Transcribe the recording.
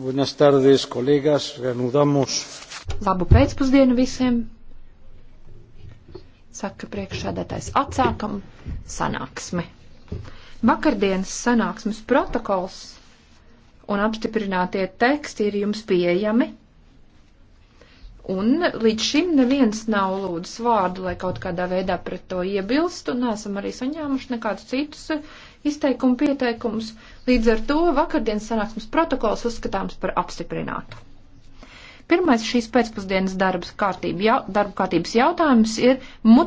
Buenas tardes, kolēgas, reanudamos. Labu pēcpusdienu visiem. Saka priekšsēdētājs, atsākam sanāksmi. Vakardienas sanāksmes protokols un apstiprinātie teksti ir jums pieejami. Un līdz šim neviens nav lūdzis vārdu, lai kaut kādā veidā pret to iebilstu, un esam arī saņēmuši nekādus citus izteikumu pieteikumus. Līdz ar to vakardienas sanāksmes protokols uzskatāms par apstiprinātu. Pirmais šīs pēcpusdienas darbas kārtība, darba kārtības jautājums ir mut